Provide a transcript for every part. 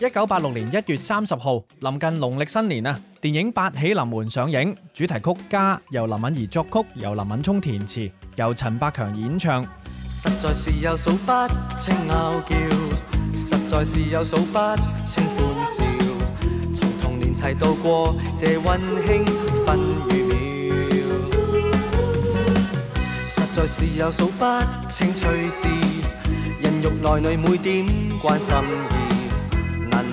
一九八六年一月三十號，臨近農曆新年啊，電影《八喜臨門》上映，主題曲《家》由林敏怡作曲，由林敏聰填詞，由陳百強演唱。實在是有數不清嘈吵，實在是有數不清歡笑，從童年齊度過這溫馨分與秒。實在是有數不清趣事，孕育內裏每點關心。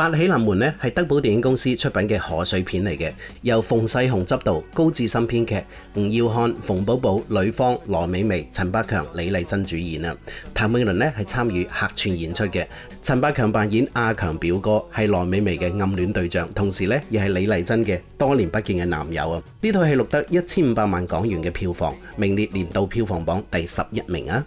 《八喜臨門》呢係德寶電影公司出品嘅賀歲片嚟嘅，由馮世雄執導、高志森編劇，吳耀漢、馮寶寶、呂方、羅美薇、陳百強、李麗珍主演啊。譚詠麟呢係參與客串演出嘅。陳百強扮演阿強表哥，係羅美薇嘅暗戀對象，同時呢，亦係李麗珍嘅多年不見嘅男友啊。呢套戲錄得一千五百萬港元嘅票房，名列年度票房榜第十一名啊。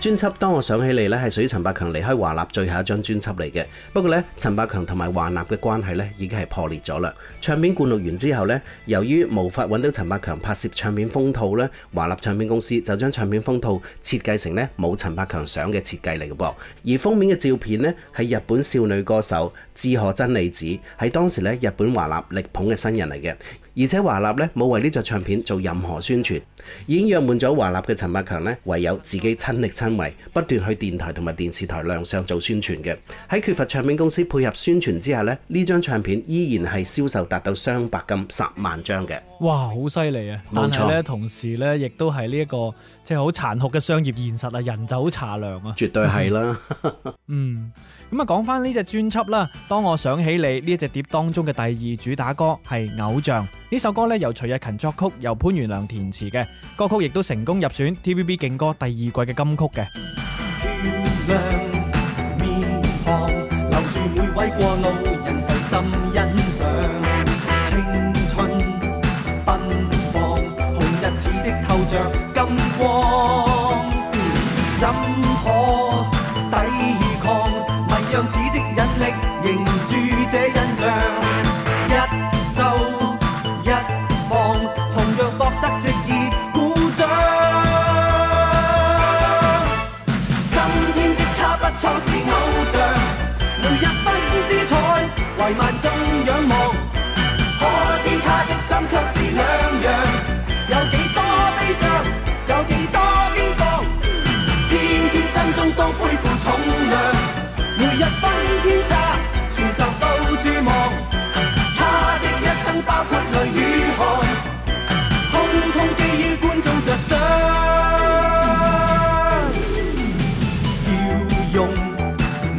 專輯當我想起你呢，係屬於陳百強離開華納最後一張專輯嚟嘅。不過呢，陳百強同埋華納嘅關係已經係破裂咗啦。唱片灌錄完之後呢，由於無法揾到陳百強拍攝唱片封套呢，華納唱片公司就將唱片封套設計成呢冇陳百強相嘅設計嚟嘅噃。而封面嘅照片呢，係日本少女歌手，志賀真理子喺當時咧，日本華納力捧嘅新人嚟嘅，而且華納咧冇為呢隻唱片做任何宣傳，已經約滿咗華納嘅陳百強咧，唯有自己親力親為，不斷去電台同埋電視台亮相做宣傳嘅。喺缺乏唱片公司配合宣傳之下咧，呢張唱片依然係銷售達到雙白金十萬張嘅。哇，好犀利啊！冇錯，錯同時咧，亦都係呢一個即係好殘酷嘅商業現實啊，人走茶涼啊，絕對係啦。嗯，咁啊、 嗯，講翻呢隻專輯啦。當我想起你呢隻碟當中嘅第二主打歌係《偶像》，呢首歌咧，由徐日勤作曲，由潘元良填詞嘅歌曲，亦都成功入選 TVB 勁歌第二季嘅金曲嘅。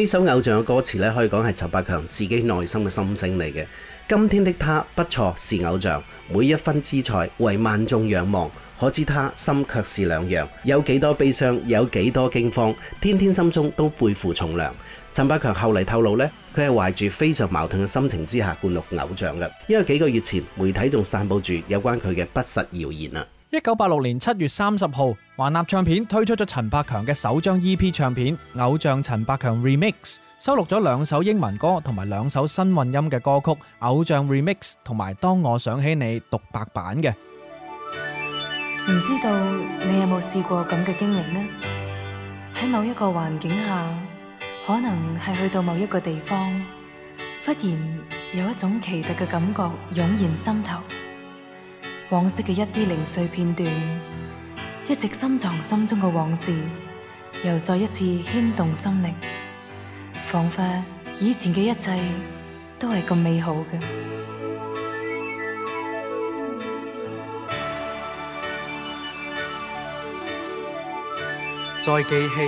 呢首偶像嘅歌詞咧，可以講係陳百強自己內心嘅心聲嚟嘅。今天的他不錯，是偶像，每一分姿采為萬眾仰望。可知他心卻是兩樣，有幾多悲傷，有幾多驚慌，天天心中都背負重量。陳百強後嚟透露呢，佢係懷住非常矛盾嘅心情之下灌錄偶像嘅，因為幾個月前媒體仲散布住有關佢嘅不實謠言啊。一九八六年七月三十號，華納唱片推出咗陳百強嘅首張 E.P. 唱片《偶像陳百強 Remix》，收錄咗兩首英文歌同埋兩首新混音嘅歌曲《偶像 Remix》同埋《當我想起你》獨白版嘅。唔知道你有冇試過咁嘅經歷呢？喺某一個環境下，可能係去到某一個地方，忽然有一種奇特嘅感覺湧然心頭。往昔嘅一啲零碎片段，一直深藏心中嘅往事，又再一次牽動心靈，仿佛以前嘅一切都係咁美好嘅。再記起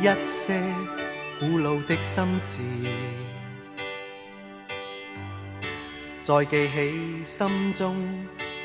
一些古老嘅心事，再記起心中。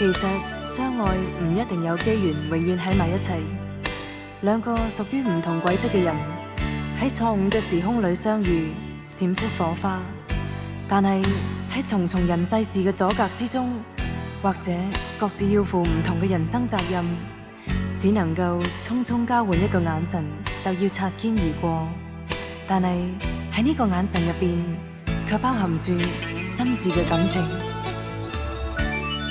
其實相愛唔一定有機緣，永遠喺埋一齊。兩個屬於唔同軌跡嘅人，喺錯誤嘅時空裏相遇，閃出火花。但係喺重重人世事嘅阻隔之中，或者各自要負唔同嘅人生責任，只能夠匆匆交換一個眼神，就要擦肩而過。但係喺呢個眼神入邊，卻包含住深摯嘅感情。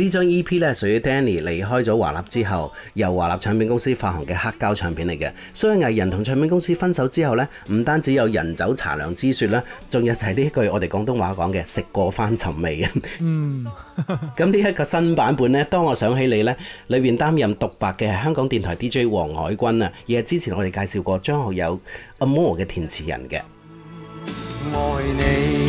呢張 E.P 咧屬於 Danny 離開咗華納之後，由華納唱片公司發行嘅黑膠唱片嚟嘅。所以藝人同唱片公司分手之後呢，唔單止有人走茶涼之説啦，仲有就係呢一句我哋廣東話講嘅食過翻尋味啊。咁呢一個新版本呢，當我想起你呢，裏邊擔任獨白嘅香港電台 D.J. 黃靄君啊，而係之前我哋介紹過張學友阿 m o 嘅填詞人嘅。愛你」。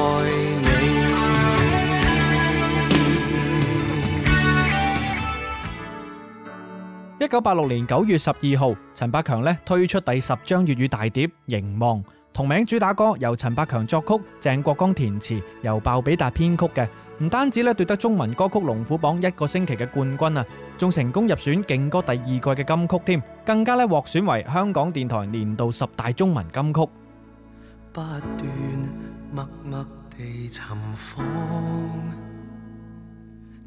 一九八六年九月十二號，陳百強咧推出第十張粵語大碟《凝望》，同名主打歌由陳百強作曲、鄭國江填詞、由鮑比達編曲嘅，唔單止咧奪得中文歌曲龍虎榜一個星期嘅冠軍啊，仲成功入選勁歌第二季嘅金曲添，更加咧獲選為香港電台年度十大中文金曲。不斷默默地尋訪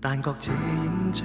但覺這影像。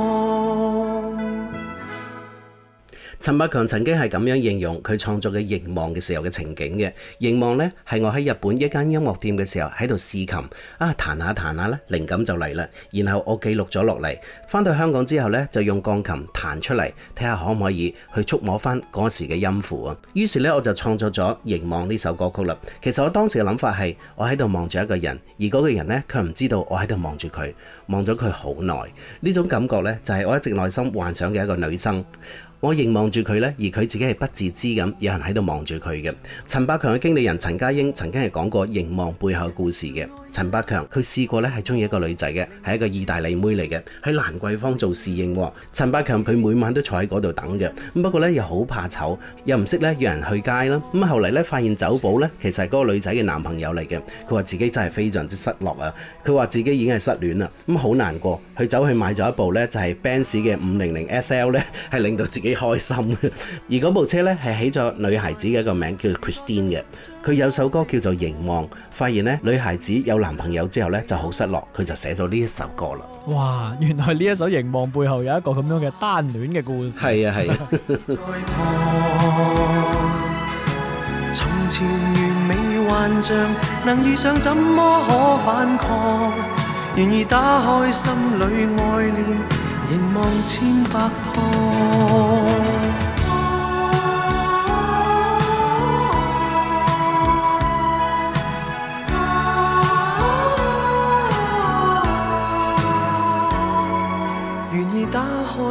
陳百強曾經係咁樣形容佢創作嘅《凝望》嘅時候嘅情景嘅。《凝望》咧，係我喺日本一間音樂店嘅時候喺度試琴啊，彈下彈下咧，靈感就嚟啦。然後我記錄咗落嚟，翻到香港之後咧，就用鋼琴彈出嚟，睇下可唔可以去觸摸翻嗰時嘅音符啊。於是咧，我就創作咗《凝望》呢首歌曲啦。其實我當時嘅諗法係，我喺度望住一個人，而嗰個人咧卻唔知道我喺度望住佢，望咗佢好耐。呢種感覺咧，就係、是、我一直內心幻想嘅一個女生。我凝望住佢呢，而佢自己係不自知咁，有人喺度望住佢嘅。陳百強嘅經理人陳家瑛曾經係講過凝望背後的故事嘅。陳百強，佢試過咧係中意一個女仔嘅，係一個意大利妹嚟嘅，喺蘭桂坊做侍應的。陳百強，佢每晚都坐喺嗰度等嘅，咁不過咧又好怕醜，又唔識咧約人去街啦。咁後嚟咧發現酒保咧其實係嗰個女仔嘅男朋友嚟嘅，佢話自己真係非常之失落啊！佢話自己已經係失戀啦，咁好難過。佢走去買咗一部咧就係、是、Benz 嘅 500SL 咧，係令到自己開心的。而嗰部車咧係起咗女孩子嘅一個名叫做 Christine 嘅。佢有首歌叫做《凝望》，發現咧女孩子有男朋友之後呢，就好失落，佢就寫咗呢一首歌啦。哇！原來呢一首《凝望》背後有一個咁樣嘅單戀嘅故事。係啊係啊。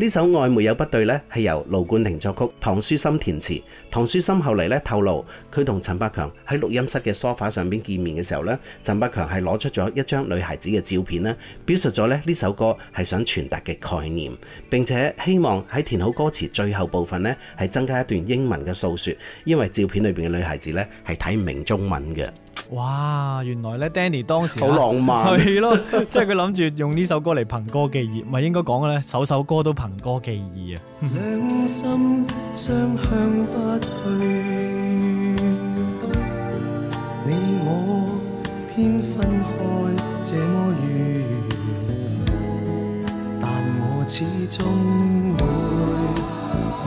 呢首《愛沒有不對》咧，係由盧冠廷作曲，唐書琛填詞。唐書琛後嚟咧透露，佢同陳百強喺錄音室嘅梳化上面見面嘅時候咧，陳百強係攞出咗一張女孩子嘅照片啦，表述咗咧呢首歌係想傳達嘅概念，並且希望喺填好歌詞最後部分咧，係增加一段英文嘅訴説，因為照片裏面嘅女孩子咧係睇唔明中文嘅。哇，原來咧，Danny 當時好浪漫了，係咯，即係佢諗住用呢首歌嚟憑歌寄意，唔係應該講嘅咧，首首歌都憑歌寄意啊！兩心相向不去，你我偏分開這麼遠，但我始終會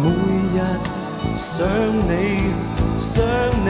每日想你，想你。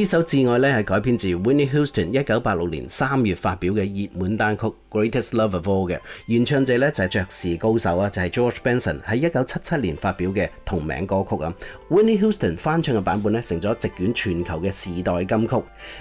呢首《致愛》咧係改編自 Winnie Houston 一九八六年三月發表嘅熱門單曲《Greatest Lover f a l 嘅。原唱者咧就係爵士高手啊，就係 George Benson 喺一九七七年發表嘅同名歌曲 Winnie Houston 翻唱嘅版本咧，成咗直捲全球嘅時代金曲。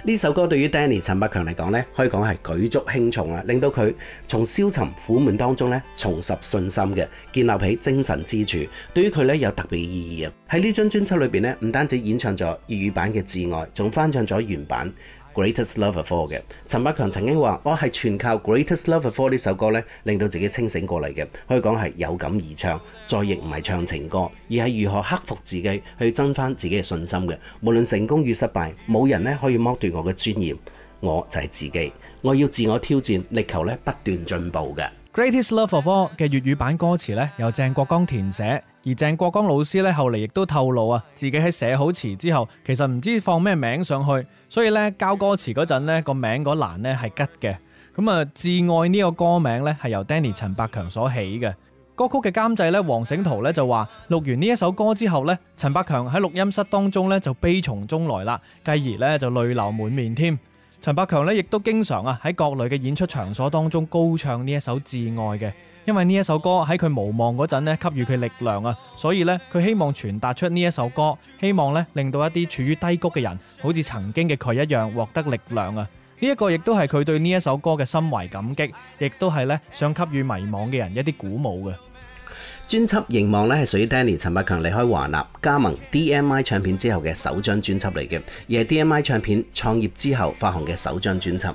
呢首歌對於 Danny 陳百強嚟講咧，可以講係舉足輕重啊，令到佢從消沉苦悶當中咧重拾信心嘅，建立起精神支柱。對於佢咧有特別意義啊。喺呢張專輯裏邊咧，唔單止演唱咗粵語版嘅《致愛》，翻唱咗原版《Greatest Love of All》嘅陳百強曾經話：我係全靠《Greatest Love of All》呢首歌咧，令到自己清醒過嚟嘅，可以講係有感而唱，再亦唔係唱情歌，而係如何克服自己去增返自己嘅信心嘅。無論成功與失敗，冇人咧可以剝奪我嘅尊嚴，我就係自己，我要自我挑戰，力求咧不斷進步嘅。《Greatest Love of All》嘅粵語版歌詞咧，由鄭國江填寫，而鄭國江老師咧後嚟亦都透露啊，自己喺寫好詞之後，其實唔知放咩名上去，所以咧交歌詞嗰陣咧個名嗰欄咧係吉嘅。咁啊，《至愛》呢個歌名咧係由 Danny 陳百強所起嘅。歌曲嘅監製咧，黃醒圖咧就話錄完呢一首歌之後咧，陳百強喺錄音室當中咧就悲從中來啦，繼而咧就淚流滿面添。陳百強咧，亦都經常啊喺各類嘅演出場所當中高唱呢一首《至愛》嘅，因為呢一首歌喺佢無望嗰陣咧給予佢力量啊，所以呢，佢希望傳達出呢一首歌，希望咧令到一啲處於低谷嘅人，好似曾經嘅佢一樣獲得力量啊！呢一個亦都係佢對呢一首歌嘅深懷感激，亦都係咧想給予迷茫嘅人一啲鼓舞嘅。專輯《凝望》是係屬於 Danny 陳百強離開華納，加盟 DMI 唱片之後嘅首張專輯嚟嘅，亦係 DMI 唱片創業之後發行嘅首張專輯。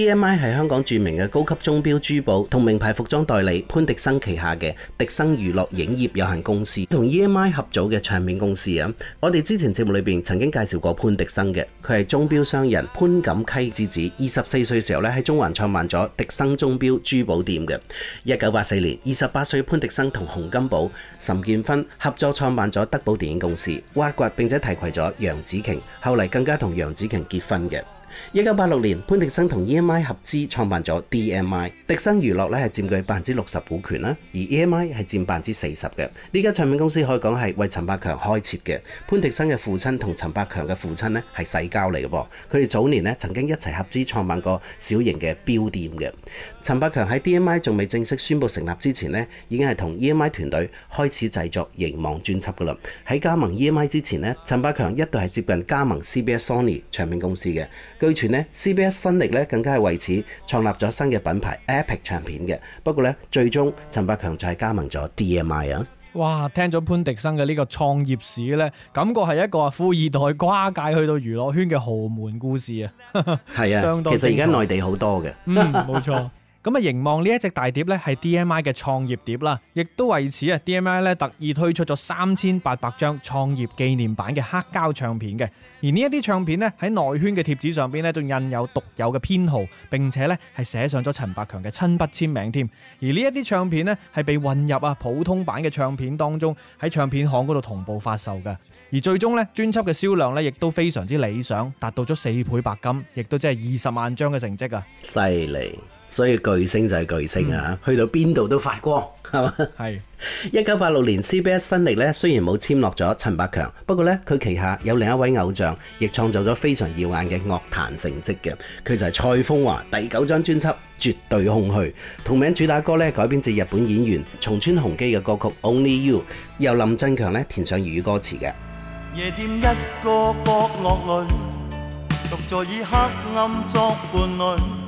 E.M.I 係香港著名嘅高級鐘錶珠寶同名牌服裝代理潘迪生旗下嘅迪生娛樂影業有限公司同 E.M.I 合組嘅唱片公司啊！我哋之前節目裏邊曾經介紹過潘迪生嘅，佢係鐘錶商人潘錦溪之子，二十四歲的時候咧，喺中環創辦咗迪生鐘錶珠寶店嘅。一九八四年，二十八歲潘迪生同洪金寶、岑建勳合作創辦咗德寶電影公司，挖掘並且提携咗楊紫瓊，後嚟更加同楊紫瓊結婚嘅。一九八六年，潘迪生同 EMI 合資創辦咗 DMI，迪生娛樂咧係佔據百分之六十股權啦，而 EMI 係佔百分之四十嘅。呢間唱片公司可以講係為陳百強開設嘅。潘迪生嘅父親同陳百強嘅父親咧係世交嚟嘅噃，佢哋早年咧曾經一齊合資創辦過小型嘅標店嘅。陳百強喺 DMI 仲未正式宣布成立之前咧，已經係同 EMI 團隊開始製作《凝望》專輯噶啦。喺加盟 EMI 之前咧，陳百強一度係接近加盟 CBS Sony 唱片公司嘅。據傳呢 CBS 新力咧更加係為此創立咗新嘅品牌 Epic 唱片嘅。不過咧，最終陳百強就係加盟咗 DMI 啊！哇，聽咗潘迪生嘅呢個創業史咧，感覺係一個富二代跨界去到娛樂圈嘅豪門故事 啊！係啊，其實而家內地好多嘅， 嗯，冇錯。咁啊，凝望呢一隻大碟咧，係 DMI 嘅創業碟啦，亦都為此啊，DMI 咧特意推出咗三千八百張創業紀念版嘅黑膠唱片嘅。而呢一啲唱片呢，喺內圈嘅貼紙上邊呢，仲印有獨有嘅編號，並且呢，係寫上咗陳百強嘅親筆簽名添。而呢一啲唱片呢，係被混入啊普通版嘅唱片當中，喺唱片行嗰度同步發售噶。而最終呢，專輯嘅銷量呢，亦都非常之理想，達到咗四倍白金，亦都即係二十萬張嘅成績啊！犀利。所以巨星就係巨星啊！嗯、去到邊度都發光，係嘛？係一九八六年 CBS 新力咧，雖然冇簽落咗陳百強，不過咧佢旗下有另一位偶像，亦創造咗非常耀眼嘅樂壇成績嘅，佢就係蔡楓華第九張專輯《絕對空虛》，同名主打歌咧改編自日本演員松村雄基嘅歌曲《Only You》，由林振強咧填上粵語歌詞嘅。夜店一個角落裏》，獨在以黑暗作伴侶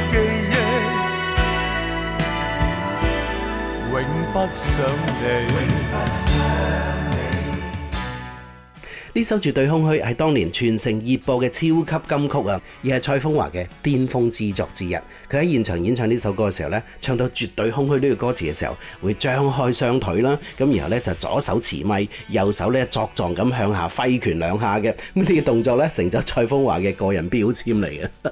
呢首《絕對空虛》係當年全城熱播嘅超級金曲啊，亦係蔡楓華嘅巔峰之作之一。佢喺現場演唱呢首歌嘅時候呢，唱到《絕對空虛》呢句歌，歌詞嘅時候，會張開雙腿啦，咁然後呢，就左手持咪，右手呢作狀咁向下揮拳兩下嘅呢個動作呢，成咗蔡楓華嘅個人標籤嚟嘅。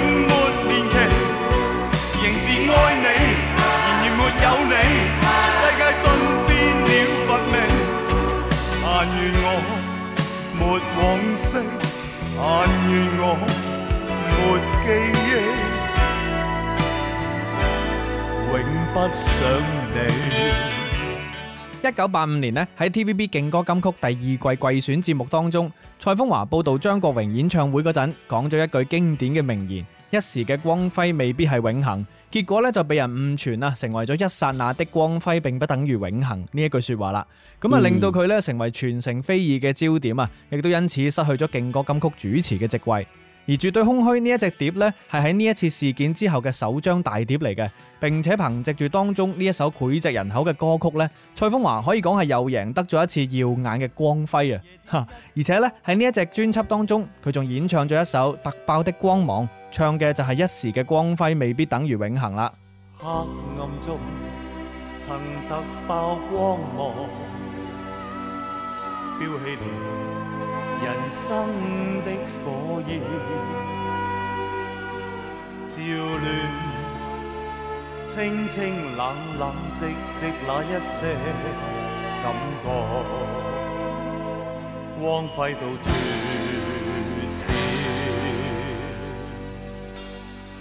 一九八五年咧，喺 TVB 勁歌金曲第二季季選節目當中，蔡楓華報道張國榮演唱會嗰陣，講咗一句經典嘅名言：一時嘅光輝未必係永恆。結果咧就被人誤傳啊，成為咗一剎那的光輝，並不等於永恆呢一句說話啦。咁啊令到佢咧成為全城非議嘅焦點啊，亦都因此失去咗勁歌金曲主持嘅職位。而絕對空虛呢一隻碟咧，係喺呢一次事件之後嘅首張大碟嚟嘅，並且憑藉住當中呢一首膾炙人口嘅歌曲咧，蔡楓華可以講係又贏得咗一次耀眼嘅光輝啊！哈，而且咧喺呢一隻專輯當中，佢仲演唱咗一首突爆的光芒。唱嘅就係一時嘅光輝，未必等於永恆啦。黑暗中曾突爆光芒，飆起了人生的火焰，照亮清清冷冷寂寂那一些感覺，光輝到處。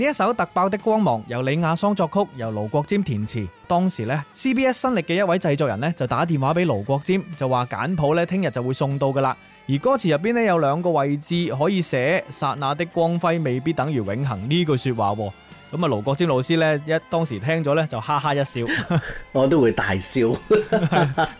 呢一首突爆的光芒由李亞桑作曲，由盧國沾填詞。當時咧，C B S 新力嘅一位製作人咧就打電話俾盧國沾，就話簡譜咧聽日就會送到噶啦。而歌詞入邊咧有兩個位置可以寫剎那的光輝未必等於永恆呢句說話，哦。咁啊，盧國沾老師咧一當時聽咗咧就哈哈一笑，我都會大笑。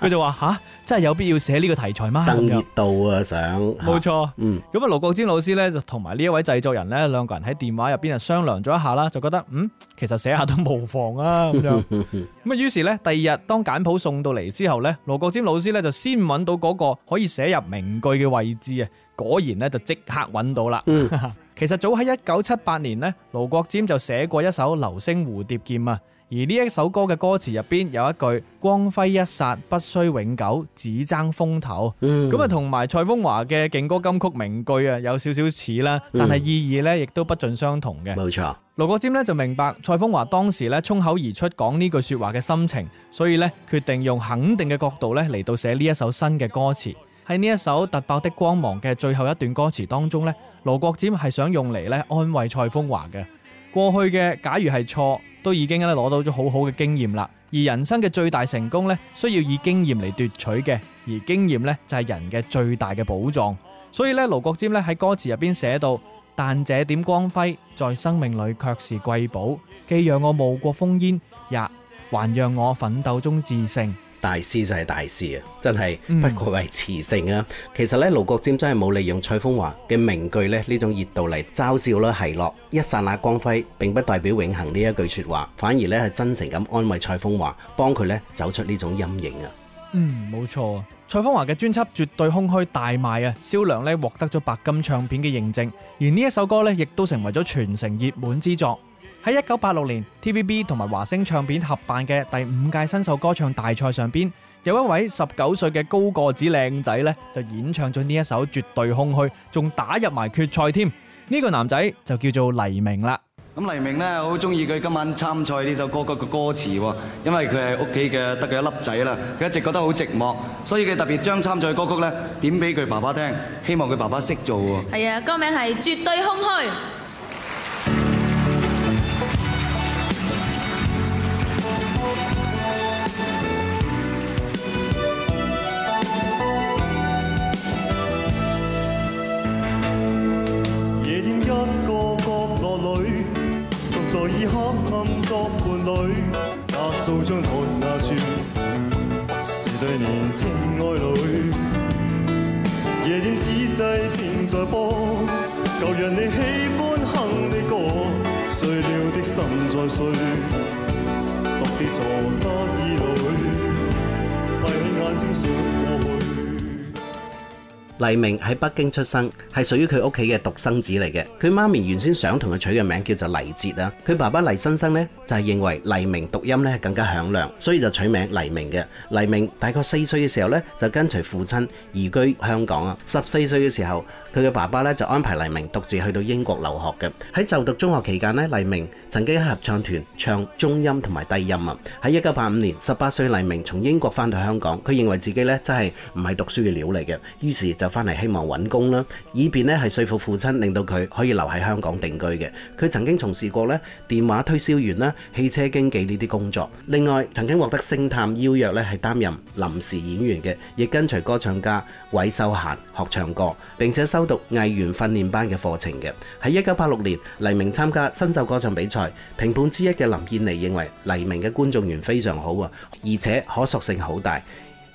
佢 就話：吓，真係有必要寫呢個題材嗎？咁樣。蹭熱度啊，想。冇錯錯。嗯。咁啊，盧國沾老師咧就同埋呢一位製作人咧，兩個人喺電話入邊啊商量咗一下啦，就覺得嗯，其實寫下都無妨啊咁樣。咁啊， 於是咧第二日當簡譜送到嚟之後咧，盧國沾老師咧就先揾到嗰個可以寫入名句嘅位置啊，果然咧就即刻揾到啦。嗯其實早喺一九七八年呢，盧國沾就寫過一首《流星蝴蝶劍》啊，而呢一首歌嘅歌詞入邊有一句：光輝一剎，不需永久，只爭風頭。咁啊、嗯，同埋蔡楓華嘅勁歌金曲名句啊，有少少似啦，但係意義咧，亦都不盡相同嘅。冇錯、嗯，盧國沾咧就明白蔡楓華當時咧衝口而出講呢句說話嘅心情，所以咧決定用肯定嘅角度咧嚟到寫呢一首新嘅歌詞。喺呢一首《突爆的光芒》嘅最後一段歌詞當中呢，盧國沾係想用嚟咧安慰蔡楓華嘅。過去嘅假如係錯，都已經咧攞到咗好好嘅經驗啦。而人生嘅最大成功呢，需要以經驗嚟奪取嘅。而經驗呢，就係、是、人嘅最大嘅寶藏。所以呢，盧國沾咧喺歌詞入邊寫到：但這點光輝在生命裏卻是貴寶，既讓我冒過烽煙，也還讓我奮鬥中自勝。大師就係大師啊！真係不愧為詞聖啊！其實咧，盧國沾真係冇利用蔡風華嘅名句咧呢這種熱度嚟嘲笑啦奚落，一剎那光輝並不代表永恆呢一句説話，反而咧係真誠咁安慰蔡風華，幫佢咧走出呢種陰影啊！嗯，冇錯，蔡風華嘅專輯絕對空虛大賣啊，銷量咧獲得咗白金唱片嘅認證，而呢一首歌咧亦都成為咗全城熱門之作。喺一九八六年，TVB 同埋華星唱片合辦嘅第五屆新秀歌唱大賽上邊，有一位十九歲嘅高個子靚仔咧，就演唱咗呢一首《絕對空虛》，仲打入埋決賽添。呢個男仔就叫做黎明啦。咁黎明咧，好中意佢今晚參賽呢首歌曲嘅歌詞喎，因為佢係屋企嘅得嘅一粒仔啦，佢一直覺得好寂寞，所以佢特別將參賽歌曲咧點俾佢爸爸聽，希望佢爸爸識做喎。係啊，歌名係《絕對空虛》。黎明喺北京出生，係屬於佢屋企嘅獨生子嚟嘅。佢媽咪原先想同佢取嘅名叫做黎哲啊，佢爸爸黎新生呢，就係認為黎明讀音呢更加響亮，所以就取名黎明嘅。黎明大概四歲嘅時候呢，就跟隨父親移居香港啊。十四歲嘅時候，佢嘅爸爸呢，就安排黎明獨自去到英國留學嘅。喺就讀中學期間呢，黎明曾經喺合唱團唱中音同埋低音啊。喺一九八五年，十八歲黎明從英國返到香港，佢認為自己呢，真係唔係讀書嘅料嚟嘅，於是就。翻嚟希望揾工啦，以便呢，係説服父親，令到佢可以留喺香港定居嘅。佢曾經從事過呢，電話推銷員啦、汽車經紀呢啲工作。另外，曾經獲得星探邀約呢，係擔任臨時演員嘅，亦跟隨歌唱家韋秀賢學唱歌，並且修讀藝員訓練班嘅課程嘅。喺一九八六年，黎明參加新秀歌唱比賽，評判之一嘅林燕妮認為黎明嘅觀眾緣非常好啊，而且可塑性好大。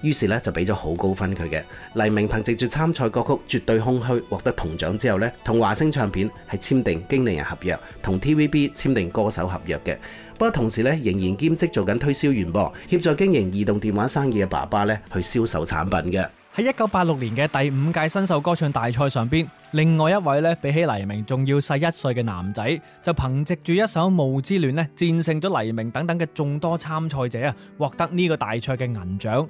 於是咧就俾咗好高分佢嘅黎明，憑藉住參賽歌曲《絕對空虛》獲得銅獎之後呢同華星唱片係簽訂經理人合約，同 TVB 簽訂歌手合約嘅。不過同時咧，仍然兼職做緊推銷員喎、協助經營移動電話生意嘅爸爸咧去銷售產品嘅。喺一九八六年嘅第五屆新秀歌唱大賽上邊，另外一位咧比起黎明仲要細一歲嘅男仔，就憑藉住一首《霧之戀》呢，戰勝咗黎明等等嘅眾多參賽者啊，獲得呢個大賽嘅銀獎。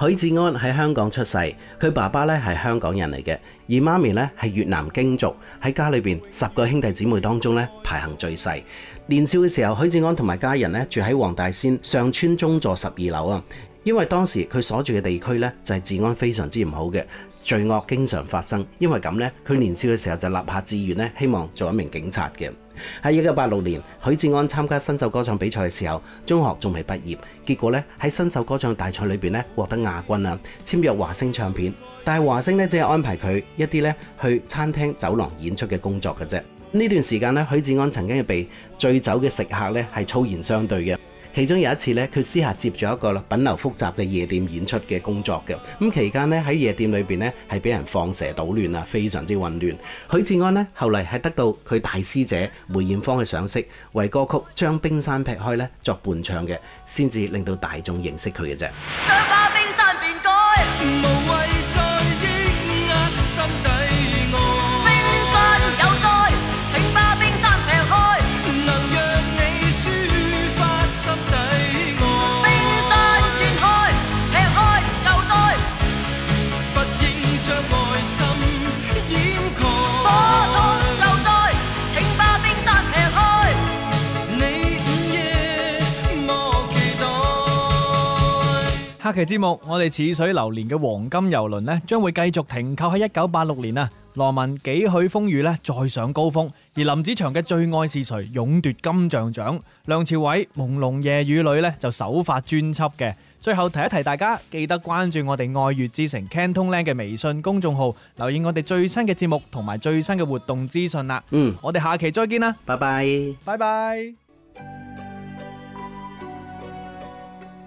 許志安喺香港出世，佢爸爸咧係香港人嚟嘅，而媽咪咧係越南京族，喺家裏邊十個兄弟姊妹當中咧排行最細。年少嘅時候，許志安同埋家人咧住喺黃大仙上村中座十二樓啊，因為當時佢所住嘅地區咧就係治安非常之唔好嘅，罪惡經常發生。因為咁咧，佢年少嘅時候就立下志願咧，希望做一名警察嘅。喺一九八六年，許志安參加新秀歌唱比賽嘅時候，中學仲未畢業，結果咧喺新秀歌唱大賽裏邊咧獲得亞軍啦，簽約華星唱片，但係華星咧只係安排佢一啲咧去餐廳走廊演出嘅工作嘅啫。呢段時間咧，許志安曾經被醉酒嘅食客咧係粗言相對嘅。其中有一次咧，佢私下接咗一個品流複雜嘅夜店演出嘅工作嘅。咁期間咧喺夜店裏邊咧係俾人放蛇搗亂啊，非常之混亂。許志安咧後嚟係得到佢大師姐梅艷芳嘅賞識，為歌曲《將冰山劈開》咧作伴唱嘅，先至令到大眾認識佢嘅啫。期節目，我哋似水流年嘅黃金遊輪咧，將會繼續停靠喺一九八六年啊。羅文幾許風雨咧，再上高峰。而林子祥嘅最愛是誰，勇奪金像獎。梁朝偉朦朧夜雨裏咧，就首發專輯嘅。最後提一提，大家記得關注我哋愛粵之城 CantonLand 嘅微信公眾號，留意我哋最新嘅節目同埋最新嘅活動資訊啦。嗯，我哋下期再見啦，拜拜，拜拜。